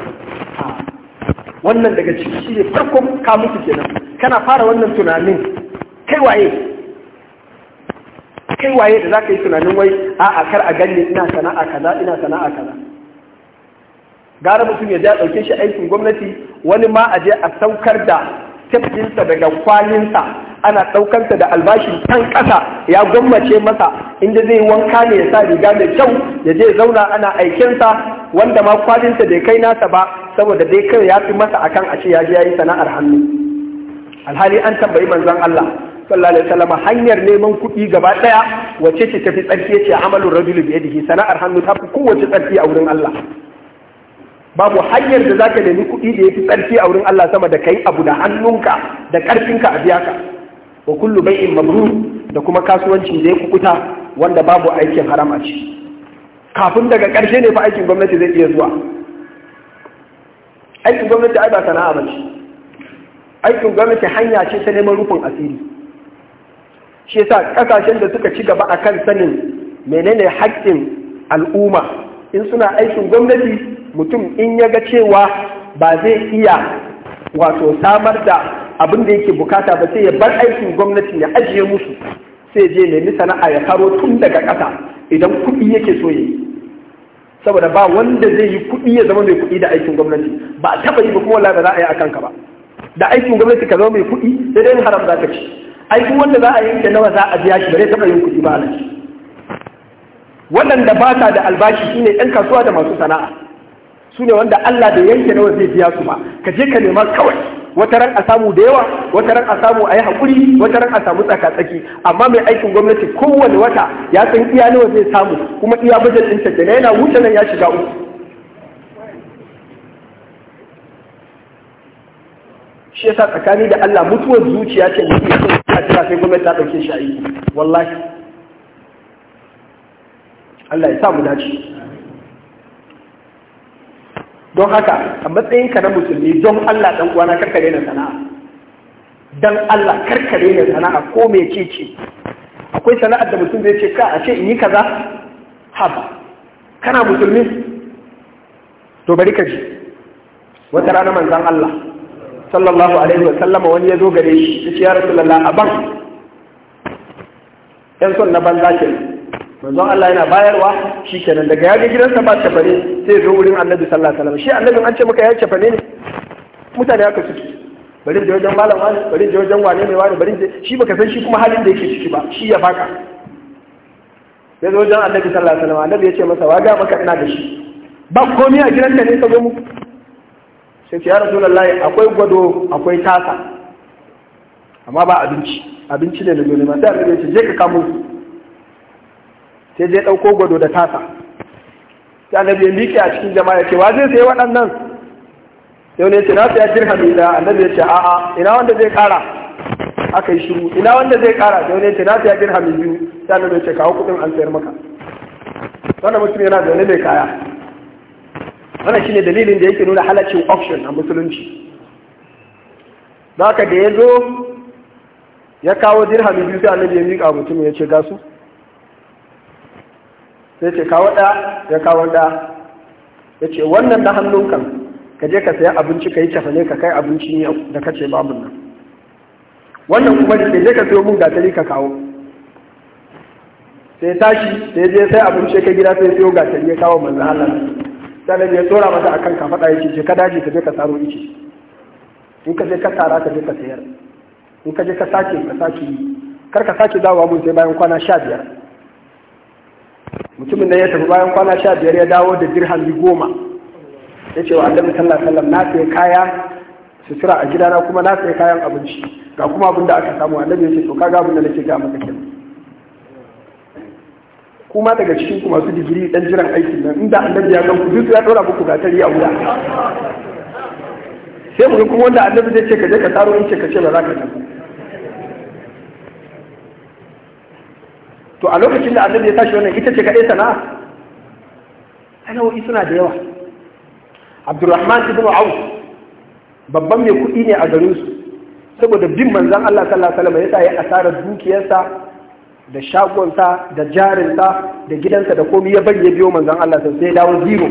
wannan daga ciki shi ne farkon ka mutu kenan kana fara wannan tunanin kai waye kai waye da za ka yi tunanin wai a'a kar a ganye ina sana'a kaza ina sana'a kaza gara mutum ya ja ɗauke shi aikin gwamnati wani ma a je a saukar da tafkinsa daga kwalinsa ana ɗaukarsa da albashin can ƙasa ya gwammace masa inda zai wanka ne ya sa riga mai kyau ya je zauna ana aikinsa wanda ma kwalinsa bai kai nasa ba saboda dai kai ya fi masa akan a ce ya je ya yi sana'ar hannu alhali an tambayi manzon Allah sallallahu alaihi wasallam hanyar neman kuɗi gaba ɗaya wace ce tafi tsarki yace amalur rajuli bi yadihi sana'ar hannu tafi kowace tsarki a wurin Allah babu hanyar da zaka nemi kuɗi da yafi tsarki a wurin Allah sama da kai abu da hannunka da karfinka a biya ka wa kullu bai'in mabrur da kuma kasuwanci da ya kukuta wanda babu aikin haram a ci. kafin daga ƙarshe ne fa aikin gwamnati zai iya zuwa aikin gwamnati ai ba sana'a ba ce aikin gwamnati hanya ce ta neman rufin asiri shi yasa kasashen da suka ci gaba akan sanin menene haƙƙin al'umma in suna aikin gwamnati mutum in ya ga cewa ba zai iya wato samar da abin da yake bukata ba sai ya bar aikin gwamnati ya ajiye musu sai je nemi sana'a ya karo tun daga ƙasa idan kuɗi yake so yi saboda ba wanda zai yi kuɗi ya zama mai kuɗi da aikin gwamnati ba a taɓa yi ba kuma wala ba za a yi a kanka ba da aikin gwamnati ka zama mai kuɗi sai dai haram za ka ci aikin wanda za a yanke nawa za a biya shi ba zai taɓa yin kuɗi ba alaji waɗanda ba ta da albashi ne ɗan kasuwa da masu sana'a su ne wanda Allah da yanke nawa zai biya su ba ka je ka nema kawai wata ran a samu da yawa wata ran a samu a yi haƙuri wata ran a samu tsaka-tsaki amma mai aikin gwamnati kowane wata ya san iya nawa zai samu kuma iya bajet ta kenan yana wuce nan ya shiga uku shi yasa tsakani da Allah mutuwar zuciya ce mutum ya a tira sai gwamnati ta ɗauke shi yi. wallahi Allah ya sa mu dace don haka a matsayinka na musulmi don Allah dan uwana karkare na sana'a don Allah karkare na sana'a ko me ce ce akwai sana'ar da mutum zai ce ka a ce in yi kaza haba kana musulmi to bari ka ji wata rana manzan Allah sallallahu alaihi wa sallama wani ya zo gare shi ya ce ya rasulullah a ban yan son na banza ke manzon Allah yana bayarwa shi kenan daga ya ga gidansa ba cafane sai zo wurin annabi sallallahu alaihi wa sallam shi annabin an ce maka ya cefane ne mutane haka suke bari je wajen malam wani bari je wajen wane mai wani bari je shi baka san shi kuma halin da yake ciki ba shi ya baka ya zo wajen annabi sallallahu alaihi sallam annabi ya ce masa waga maka ina da shi ba komai a gidanka ne ka zo mu sai ya lallai akwai gwado akwai tasa amma ba abinci abinci ne da dole ma sai abinci je ka kamo sai je dauko gwado da tasa sai annabi ya miƙe a cikin jama'a ya ce wa zai sai waɗannan sai ne ce na saya mai da annabi ya ce a'a ina wanda zai kara aka yi shiru ina wanda zai kara sai ne ce na saya mai biyu sai annabi ya ce kawo kuɗin an sayar maka wanda mutum yana da wani mai kaya wannan shine dalilin da yake nuna halaccin option a musulunci baka da ya zo ya kawo dirham biyu sai annabi ya miƙa mutum ya ce gasu sai ce kawo ɗa ya kawo ɗa ya ce wannan na hannun kan ka je ka saya abinci ka yi cafane ka kai abinci ne da ka ce babu nan wannan kuma da ke je ka siyo mun gatari ka kawo sai tashi sai je sai abinci ka gida sai siyo gatari ya kawo manzo Allah ne ya tsora mata akan ka faɗa yake je ka daji ka je ka saro yake in ka je ka tara ka je ka sayar in ka je ka sake ka sake kar ka sake dawowa mun sai bayan kwana sha biyar mutumin nan ya tafi bayan kwana sha biyar ya dawo da dirhami goma ya ce wa annabi sallallahu alaihi wasallam na sai kaya sutura a gidana kuma na sai kayan abinci ga kuma abin da aka samu annabi ya ce to kaga abin da nake ga maka kenan kuma daga cikin ku masu digiri dan jiran aikin nan inda annabi ya ganku duk ya dora muku gatari a wuya sai mu kuma wanda annabi zai ce ka je ka taro in ce ka ce ba za ka nan to a lokacin da annabi ya tashi wannan ita ce kaɗai sana'a sana'o'i suna da yawa abdurrahman ibn awf babban mai kuɗi ne a su, saboda bin manzon allah sallallahu alaihi wasallam ya ya asarar dukiyarsa da shagonsa da jarinsa da gidansa da komi ya bari ya biyo manzon Allah sai ya dawo zero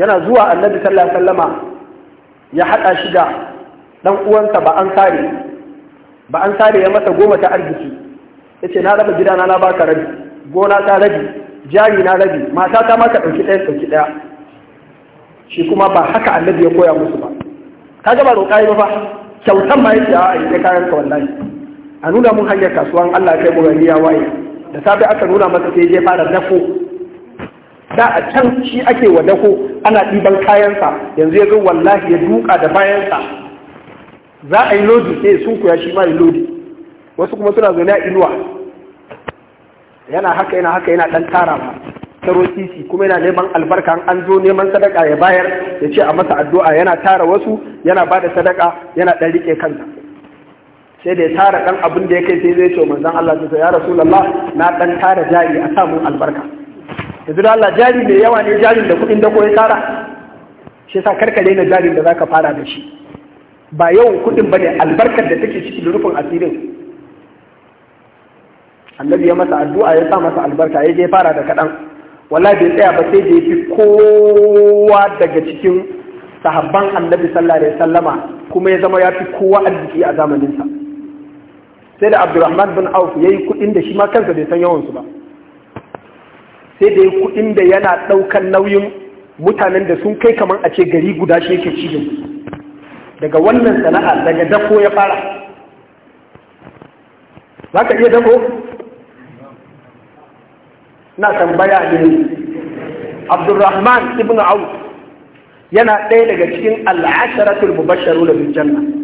yana zuwa annabi sallallahu alaihi wasallama ya hada shi da dan uwansa ba an sare ba an sare ya masa goma ta arziki yace na raba gidana na baka rabi gona ta rabi jari na rabi mata ta maka dauki ɗaya dauki ɗaya shi kuma ba haka annabi ya koya musu ba kaga ba roƙa ba fa kyautan ma yake a yi kayan ka wallahi a nuna mun hanyar kasuwan Allah kai mu gani ya waye da safe aka nuna masa sai je fara dako da a can shi ake wa dako ana ɗiban kayansa yanzu ya ga wallahi ya duka da bayansa za a yi lodi sai sun kuya shi ma yi lodi wasu kuma suna zaune a inuwa yana haka yana haka yana dan tara ma taro sisi kuma yana neman albarka an zo neman sadaka ya bayar ya ce a masa addu'a yana tara wasu yana bada sadaka yana ɗan rike kansa sai da ya tara ɗan abin da ya kai sai zai ce manzon Allah sai ya rasulullah na ɗan tara jari a samun albarka yanzu da Allah jari mai yawa ne jarin da kuɗin da ko ya tara shi sa karka daina jarin da zaka fara da shi ba yawan kuɗin ba ne albarkar da take ciki da rufin asirin annabi ya masa addu'a ya sa masa albarka ya je fara da kaɗan Wala bai tsaya ba sai da ya fi kowa daga cikin sahabban annabi sallallahu alaihi wasallama kuma ya zama ya fi kowa arziki a zamaninsa sai da abdurrahman bin auf ya yi kuɗin da shi ma kansa bai san yawansu ba sai da ya kuɗin da yana ɗaukan nauyin mutanen da sun kai kamar a ce gari guda shi yake cikin daga wannan sana'a daga dako ya fara za ka iya dako na tambaya ne abdurrahman ibn auf yana ɗaya daga cikin al'asharatul mubasharu da bin janna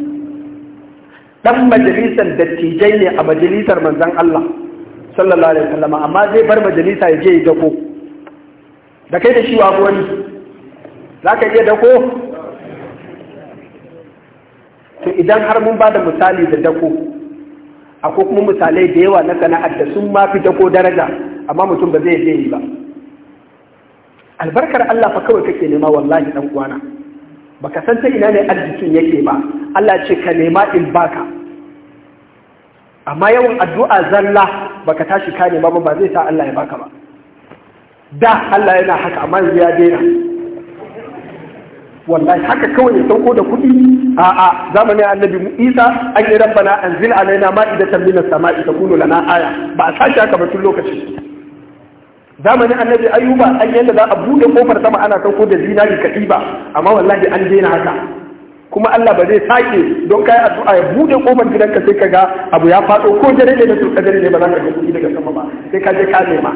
dan majalisar dattijai ne a majalisar manzan Allah sallallahu alaihi wasallam amma zai bar majalisa ya je ya dako da kai da shi wa wani ka iya dako to idan har mun ba da misali da dako akwai kuma misalai da yawa na sana'ar da sun mafi dako daraja amma mutum ba zai je yi ba albarkar Allah fa kawai kake nema wallahi dan uwana baka san ta ina ne arzikin yake ba Allah ce ka nema in baka amma yawan addu'a zalla baka tashi ka nema ba ba zai sa Allah ya baka ba da Allah yana haka amma yanzu ya daina wallahi haka kawai ya sauko da kuɗi a a zamanin annabi mu isa an yi rabbana anzil alaina ma'idatan minas sama'i takunu lana aya ba a sashi haka ba tun lokacin zamanin annabi ayuba an yadda za a buɗe kofar sama ana sauko da zinari ba amma wallahi an daina haka kuma Allah ba zai sake don kai addu'a ya buɗe kofar gidanka sai ka ga abu ya faɗo ko dare ne da turka dare ne ba za ka ga daga sama ba sai ka je ka nema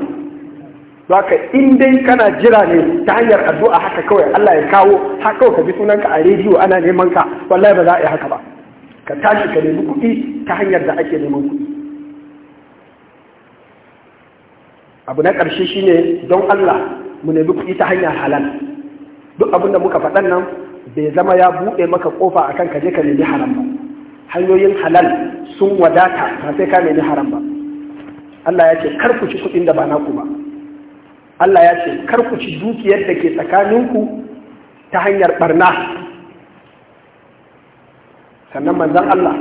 Zaka in dai kana jira ne ta hanyar addu'a haka kawai Allah ya kawo haka kawai ka bi sunanka a rediyo ana neman ka wallahi ba za a yi haka ba ka tashi ka nemi kuɗi ta hanyar da ake neman kuɗi abu na ƙarshe shine don Allah mu nemi kuɗi ta hanyar halal duk abin da muka faɗan nan bai zama ya buɗe maka ƙofa akan ka je ka nemi haram ba hanyoyin halal sun wadata ba sai ka nemi haram ba Allah ya ce kar ku ci kuɗin da ba naku ba Allah ya ce kar ku ci dukiyar da ke tsakaninku ta hanyar barna sannan manzon Allah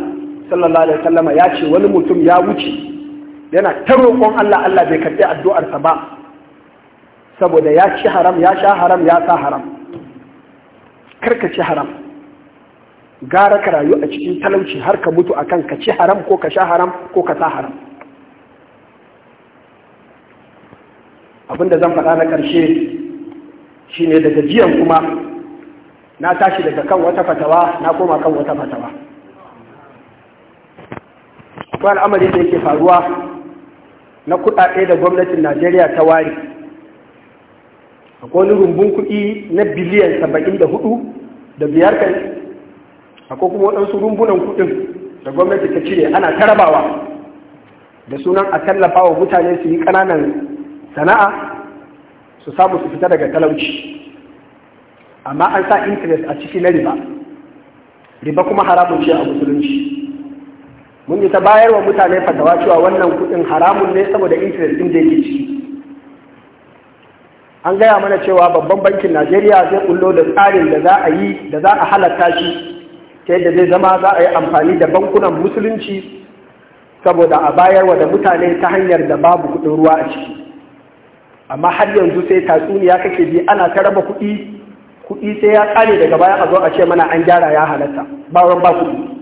sallallahu alaihi wasallama ya ce wani mutum ya wuce yana ta roƙon Allah Allah bai karɓi addu'arsa ba saboda ya ci haram ya sha haram ya sa haram karka ci haram gara ka rayu a cikin talauci har ka mutu akan ka ci haram ko ka sha haram ko ka sa haram abinda zan faɗa na ƙarshe shine daga jiyan kuma na tashi daga kan wata fatawa na koma kan wata fatawa ko al'amari da yake faruwa na kuɗaɗe da gwamnatin najeriya ta ware akwai rumbun kuɗi na biliyan saba'in da biyar kai akwai kuma waɗansu rumbunan kuɗi da gwamnati ta cire ana tarabawa da sunan a tallafa wa mutane su yi ƙananan sana'a su samu su fita daga talauci amma an sa interest a ciki na riba riba kuma haramun ce a musulunci mun yi ta bayar wa mutane fatawa cewa wannan kuɗin haramun ne saboda interest ɗin da yake ciki an gaya mana cewa babban bankin najeriya zai kullo da tsarin da za a yi da za a halatta shi ta yadda zai zama za a yi amfani da bankunan musulunci saboda a bayar wa da mutane ta hanyar da babu kuɗin ruwa a ciki amma har yanzu sai tatsuniya kake bi ana ta raba kuɗi kuɗi sai ya kare daga baya a zo a ce mana an gyara ya halatta ba ba kuɗi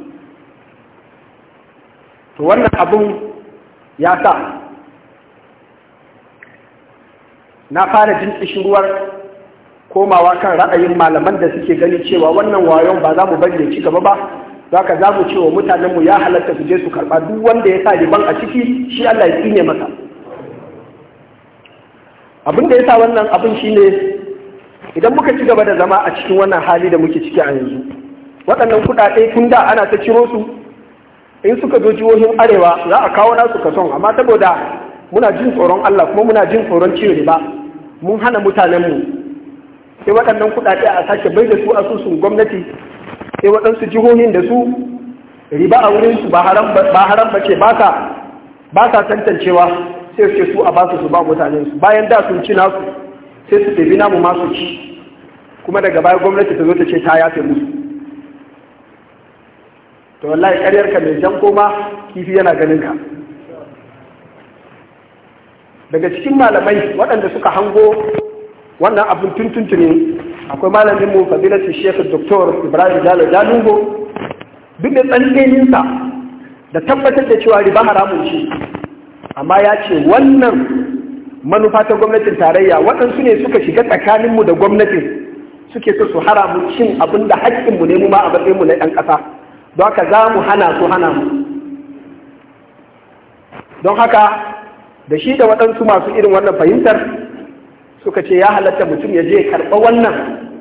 to wannan abun ya sa na fara jin ƙishirwar komawa kan ra'ayin malaman da suke gani cewa wannan wayon ba za mu bari ya ci gaba ba za ka za mu ce wa mutanenmu ya halatta su je su karɓa duk wanda ya sa liban a ciki shi Allah ya tsine masa abin da ya sa wannan abin shi ne idan muka ci gaba da zama a cikin wannan hali da muke ciki a yanzu waɗannan kuɗaɗe tun da ana ta ciro su in suka zo jihohin arewa za a kawo nasu kason amma saboda muna jin tsoron Allah kuma muna jin tsoron ciwo ba mun hana mutanenmu sai waɗannan kuɗaɗe a sake bai da su asusun gwamnati sai waɗansu jihohin da su riba a wurin su ba haram ba ce ba sa tantancewa sai suke su a basu su ba su. bayan da sun ci nasu sai su tafi namu masu ci kuma daga baya gwamnati ta zo ta ce ta yafe musu to wallahi ƙaryar ka mai jan koma kifi yana ganin ka daga cikin malamai waɗanda suka hango wannan abin tuntuntu ne akwai malamin mu fadilatu shekh doktor ibrahim jalo jalungo duk da tsantseninsa da tabbatar da cewa riba haramun shi. amma ya ce wannan manufa ta gwamnatin tarayya waɗansu ne suka shiga tsakaninmu da gwamnatin suke so su haramun cin abin da haƙƙinmu ne mu ma a matsayinmu na ɗan ƙasa don haka za mu hana su hana mu don haka da shi da waɗansu masu irin wannan fahimtar suka ce ya halatta mutum ya je karɓa wannan